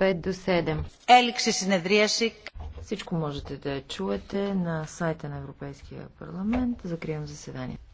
5 до 7. Еликси Всичко можете да чуете на сайта на Европейския парламент. Закривам заседанието.